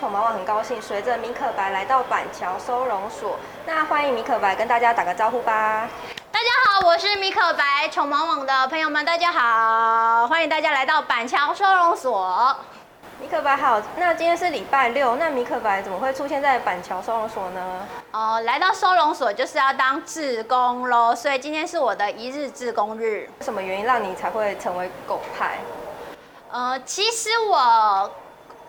寵毛網很高興，隨着米可白來到板橋收容所，那歡迎米可白跟大家打個招呼吧。大家好，我是米可白，寵毛網的朋友們，大家好，歡迎大家來到板橋收容所。米可白好，那今天是禮拜六，那米可白怎麼會出現在板橋收容所呢？哦、呃，來到收容所就是要當志工嘍，所以今天是我的一日志工日。什麼原因讓你才會成為狗派？呃，其實我。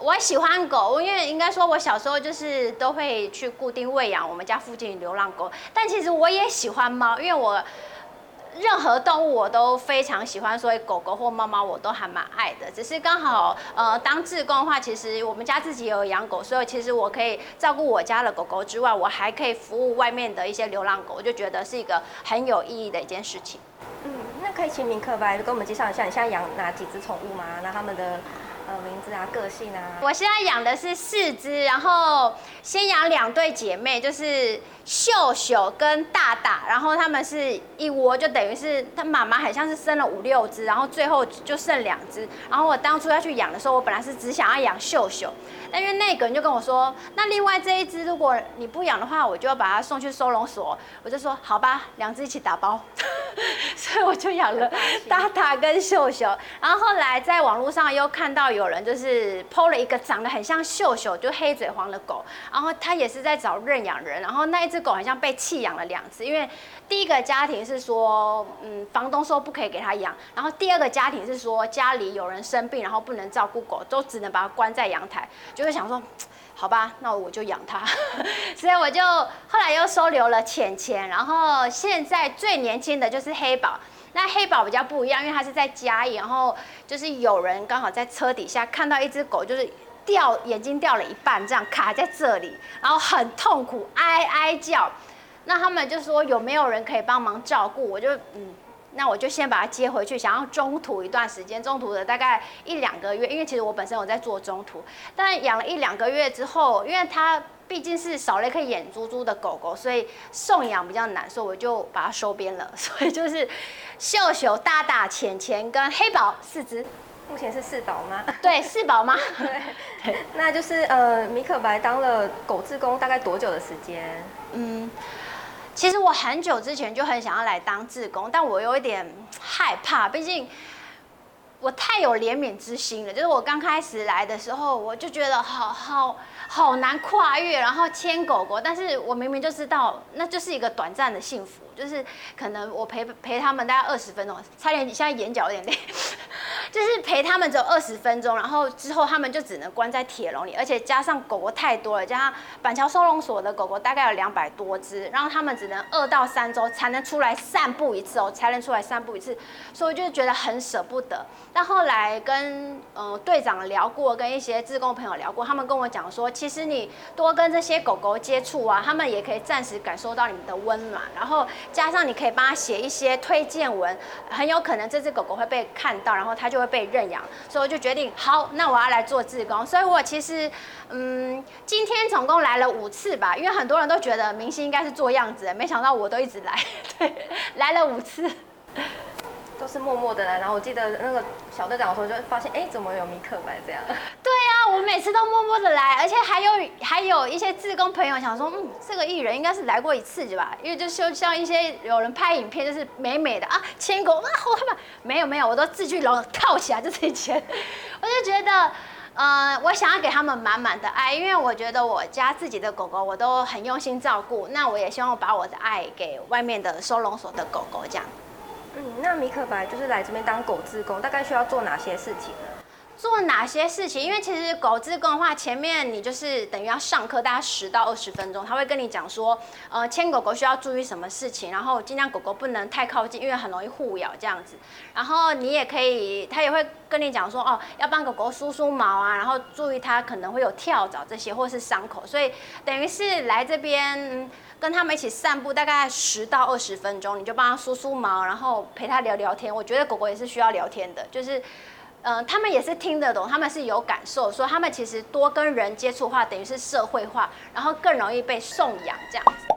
我喜歡狗，因為應該說，我小時候就是都會去固定餵養我們家附近流浪狗。但其實我也喜歡貓，因為我任何動物我都非常喜歡，所以狗狗或貓貓我都還蠻愛的。只是剛好，呃，當志工的話，其實我們家自己有養狗，所以其實我可以照顧我家的狗狗之外，我還可以服務外面的一些流浪狗，我就覺得是一個很有意義的一件事情。嗯，那可以請米可白，跟我們介紹一下你現在養哪幾隻寵物嗎？那他們的名字啊，個性啊，我現在養的是四隻，然後。先養兩對姐妹，就是秀秀跟大大，然後他們是一—一窩，就等於是他媽媽好像是生了五六隻，然後最後就剩兩隻。然後我當初要去養的時候，我本來是只想要養秀秀，但因為那個人就跟我說：“那另外這一隻如果你不養的話，我就要把它送去收容所。”我就說：“好吧，兩隻一起打包。 ”所以我就養了大大跟秀秀。然後後來在網絡上又看到有人就是 PO 了一個長得很像秀秀，就黑嘴黃的狗。然後他也是在找認養人，然後那一只狗好像被棄養了兩次，因為第一個家庭是說，嗯，房東說不可以給他養，然後第二個家庭是說家裡有人生病，然後不能照顧狗，都只能把它關在陽台，就會想說，好吧，那我就養它， 所以我就後來又收留了淺淺，然後現在最年輕的就是黑寶，那黑寶比較不一樣，因為他是在家裡，然後就是有人剛好在車底下看到一只狗，就是。掉眼睛掉了一半，這樣卡在這裡，然後很痛苦，哀哀叫。那他們就說有沒有人可以幫忙照顧？我就嗯，那我就先把它接回去，想要中途一段時間，中途的大概一兩個月，因為其實我本身有在做中途。但養了一兩個月之後，因為它畢竟是少了一顆眼珠珠的狗狗，所以送養比較難，所以我就把它收編了。所以就是秀秀、大大、淺淺跟黑寶四只。目前是四寶嗎？對，四寶嗎？對，那就是呃，米可白當了狗志工大概多久的時間？嗯，其實我很久之前就很想要來當志工，但我有一點害怕，畢竟我太有憐憫之心了。就是我剛開始來的時候，我就覺得好好好難跨越，然後牽狗狗。但是我明明就知道，那就是一個短暫的幸福，就是可能我陪陪他們大概二十分鐘，差點現在眼角有點點。就是陪他們走二十分鐘，然後之後他們就只能關在鐵籠裡，而且加上狗狗太多了，加上板橋收容所的狗狗大概有兩百多隻，然後他們只能二到三週才能出來散步一次哦，才能出來散步一次，所以就覺得很捨不得。但後來跟呃隊長聊過，跟一些志工朋友聊過，他們跟我講說，其實你多跟這些狗狗接觸啊，他們也可以暫時感受到你們的溫暖，然後加上你可以幫他寫一些推薦文，很有可能這隻狗狗會被看到，然後他就。會被認養，所以我就決定，好，那我要來做志工。所以我其實，嗯，今天總共來了五次吧，因為很多人都覺得明星應該是做樣子的，沒想到我都一直來，對，來了五次，都是默默的來。然後我記得那個小隊長的時候就發現，哎，怎麼有米可白這樣？對。每次都默默的來，而且還有還有一些志工朋友想說，嗯，這個藝人應該是來過一次對吧？因為就像一些有人拍影片，就是美美的啊，牽狗啊，好可愛，沒有沒有，我都自去籠套起來，就自己牽，我就覺得，呃、嗯，我想要給他們滿滿的愛，因為我覺得我家自己的狗狗我都很用心照顧，那我也希望我把我的愛給外面的收容所的狗狗，這樣。嗯，那米可白就是來這邊當狗志工，大概需要做哪些事情呢？做哪些事情？因為其實狗志工的話，前面你就是等於要上課，大概十到二十分鐘，他會跟你講說，呃，牽狗狗需要注意什麼事情，然後盡量狗狗不能太靠近，因為很容易互咬這樣子。然後你也可以，他也會跟你講說，哦，要幫狗狗梳梳毛啊，然後注意它可能會有跳蚤這些，或是傷口，所以等於是來這邊跟他們一起散步，大概十到二十分鐘，你就幫他梳梳毛，然後陪他聊聊天。我覺得狗狗也是需要聊天的，就是。嗯，他們也是聽得懂，他們是有感受，說他們其實多跟人接觸化，等於是社會化，然後更容易被送養這樣子。